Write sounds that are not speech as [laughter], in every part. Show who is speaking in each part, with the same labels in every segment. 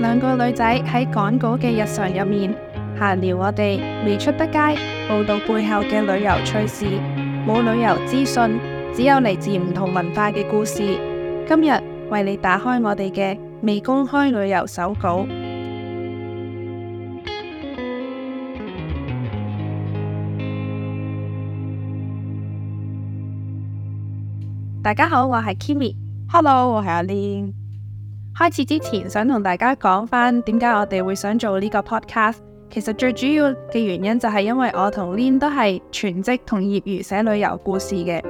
Speaker 1: 兩個女仔喺趕稿嘅日常入面閒聊，我哋未出得街報道背後嘅旅遊趣事，冇旅遊資訊，只有嚟自唔同文化嘅故事。今日為你打開我哋嘅未公開旅遊手稿。 [music] 大家好，我係 Kimmy，Hello，我係阿 Rin。開始之前，想同大家講返點解我哋會想做呢個 podcast。其實最主要嘅原因就係因為我同 Rin 都係全職同業餘寫旅遊故事嘅。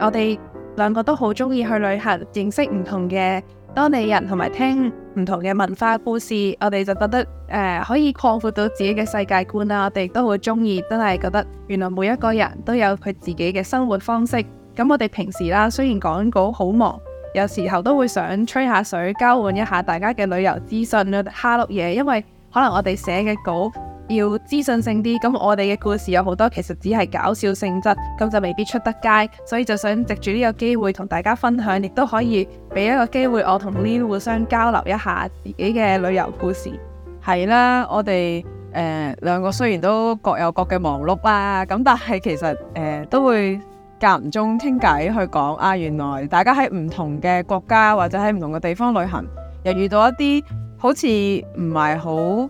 Speaker 1: 我哋兩個都好中意去旅行，認識唔同嘅當地人同埋聽唔同嘅文化故事。我哋就覺得誒、呃、可以擴闊到自己嘅世界觀啦。我哋都好中意，真係覺得原來每一個人都有佢自己嘅生活方式。咁我哋平時啦，雖然趕稿好忙。有時候都會想吹下水，交換一下大家嘅旅遊資訊啦、哈碌嘢，因為可能我哋寫嘅稿要資訊性啲，咁我哋嘅故事有好多其實只係搞笑性質，咁就未必出得街，所以就想藉住呢個機會同大家分享，亦都可以俾一個機會我同 Rin 互相交流一下自己嘅旅遊故事。係 [noise] 啦，我哋誒兩個雖然都各有
Speaker 2: 各嘅忙碌啦，咁但係其實誒、呃、都會。間唔中傾偈去講啊，原來大家喺唔同嘅國家或者喺唔同嘅地方旅行，又遇到一啲好似唔係好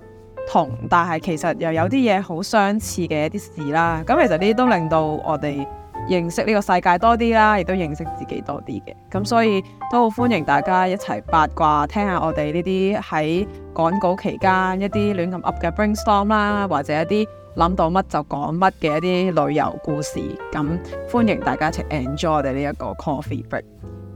Speaker 2: 同，但係其實又有啲嘢好相似嘅一啲事啦。咁其實呢啲都令到我哋認識呢個世界多啲啦，亦都認識自己多啲嘅。咁所以都好歡迎大家一齊八卦聽聽聽，聽下我哋呢啲喺趕稿期間一啲亂咁噏嘅 brainstorm 啦，或者一啲。諗到乜就講乜嘅一啲旅遊故事，咁歡迎大家一齊 enjoy 我哋呢一個 coffee break。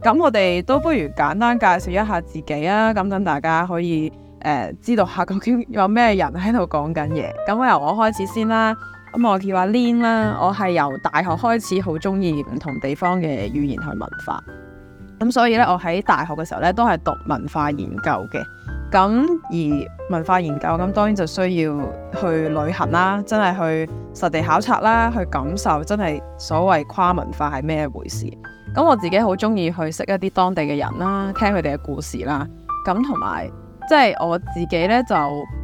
Speaker 2: 咁我哋都不如簡單介紹一下自己啊，咁等大家可以誒、呃、知道下究竟有咩人喺度講緊嘢。咁由我，我開始先啦，咁我叫阿 Rin 啦，我係由大學開始好中意唔同地方嘅語言同文化，咁所以咧我喺大學嘅時候咧都係讀文化研究嘅。咁而文化研究咁，當然就需要去旅行啦，真係去實地考察啦，去感受真係所謂跨文化係咩回事。咁我自己好中意去識一啲當地嘅人啦，聽佢哋嘅故事啦。咁同埋即係我自己呢就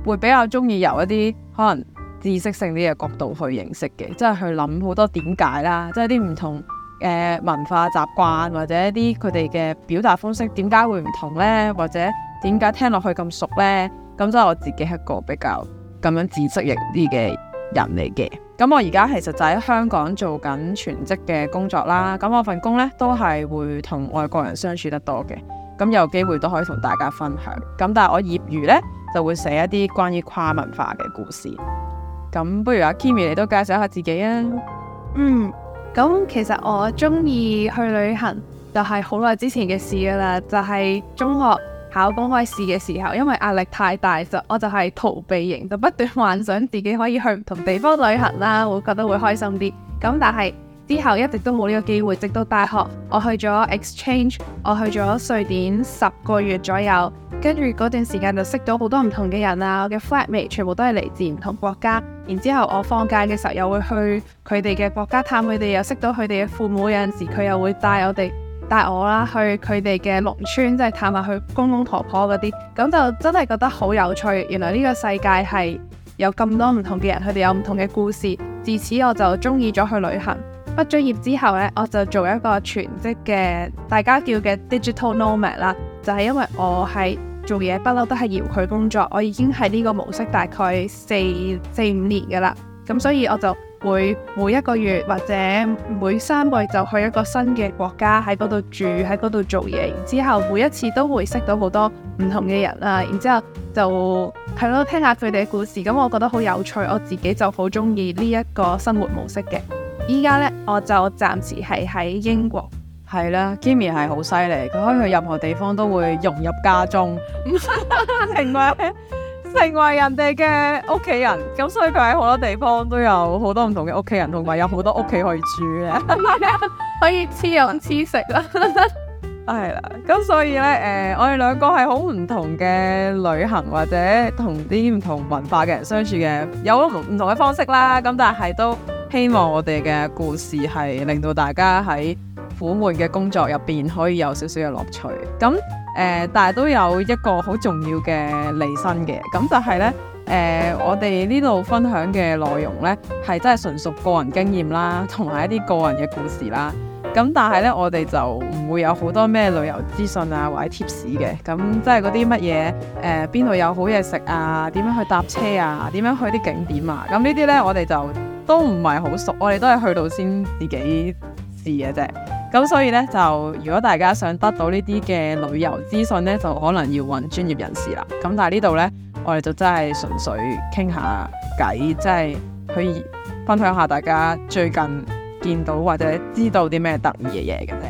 Speaker 2: 會比較中意由一啲可能知識性啲嘅角度去認識嘅，即係去諗好多點解啦，即係啲唔同嘅文化習慣或者啲佢哋嘅表達方式點解會唔同呢？或者。點解聽落去咁熟呢？咁真係我自己一個比較咁樣自責型啲嘅人嚟嘅。咁 [music] 我而家其實就喺香港做緊全職嘅工作啦。咁我份工呢都係會同外國人相處得多嘅。咁有機會都可以同大家分享。咁但係我業餘呢，就會寫一啲關於跨文化嘅故事。咁不如阿 Kimmy 你
Speaker 1: 都介紹下自己啊？嗯，咁其實我中意去旅行就係好耐之前嘅事噶啦，就係中學。考公開試嘅時候，因為壓力太大，就我就係逃避型，就不斷幻想自己可以去唔同地方旅行啦，會覺得會開心啲。咁但係之後一直都冇呢個機會，直到大學，我去咗 exchange，我去咗瑞典十個月左右，跟住嗰段時間就識到好多唔同嘅人啊，我嘅 flatmate 全部都係嚟自唔同國家。然之後我放假嘅時候又會去佢哋嘅國家探佢哋，又識到佢哋嘅父母，有陣時佢又會帶我哋，帶我啦去佢哋嘅農村，即係探下佢公公婆婆嗰啲，咁就真係覺得好有趣。原來呢個世界係有咁多唔同嘅人，佢哋有唔同嘅故事。自此我就中意咗去旅行。畢咗業之後呢，我就做一個全職嘅，大家叫嘅 digital nomad 啦。就係因為我係做嘢，不嬲都係遙距工作，我已經喺呢個模式大概四四五年噶啦。咁所以我就會每一個月或者每三個月就去一個新嘅國家，喺嗰度住，喺嗰度做嘢，然之後每一次都會會識到好多唔同嘅人啦，然之後就係咯聽下佢哋嘅故事，咁我覺得好有趣，我自己就好中意呢一個生活模式嘅。依家呢，我就暫時係喺英國，係
Speaker 2: 啦，Kimmy 係好犀利，佢可以去任何地方都會融入家中，另外一。成為人哋嘅屋企人，咁所以佢喺好多地方都有好多唔同嘅屋企人，同埋有好多屋企可以住嘅，可以黐飲黐食啦。係啦，咁所以呢，誒，我哋兩個係好唔同嘅旅行或者同啲唔同文化嘅人相處嘅，有唔唔同嘅方式啦。咁但係都希望我哋嘅故事係令到大家喺苦悶嘅工作入邊可以有少少嘅樂趣咁。誒、呃，但係都有一個好重要嘅離身嘅，咁就係呢，誒、呃，我哋呢度分享嘅內容呢，係真係純屬個人經驗啦，同埋一啲個人嘅故事啦。咁但係呢，我哋就唔會有好多咩旅遊資訊啊，或者貼士嘅。咁即係嗰啲乜嘢，誒、呃，邊度有好嘢食啊？點樣去搭車啊？點樣去啲景點啊？咁呢啲呢，我哋就都唔係好熟，我哋都係去到先自己試嘅啫。咁所以咧，就如果大家想得到呢啲嘅旅遊資訊咧，就可能要揾專業人士啦。咁但係呢度呢，我哋就真係純粹傾下偈，即係可以分享下大家最近見到或者知道啲咩得意嘅嘢嘅啫。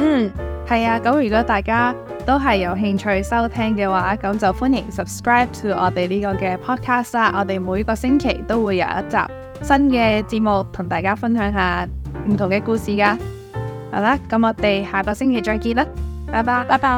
Speaker 1: 嗯，係啊。咁如果大家都係有興趣收聽嘅話，咁就歡迎 subscribe to podcast，我哋呢個嘅 podcast 啦。我哋每個星期都會有一集新嘅節目同大家分享下唔同嘅故事噶。好啦，咁我哋下個星期再見啦，拜拜，拜拜。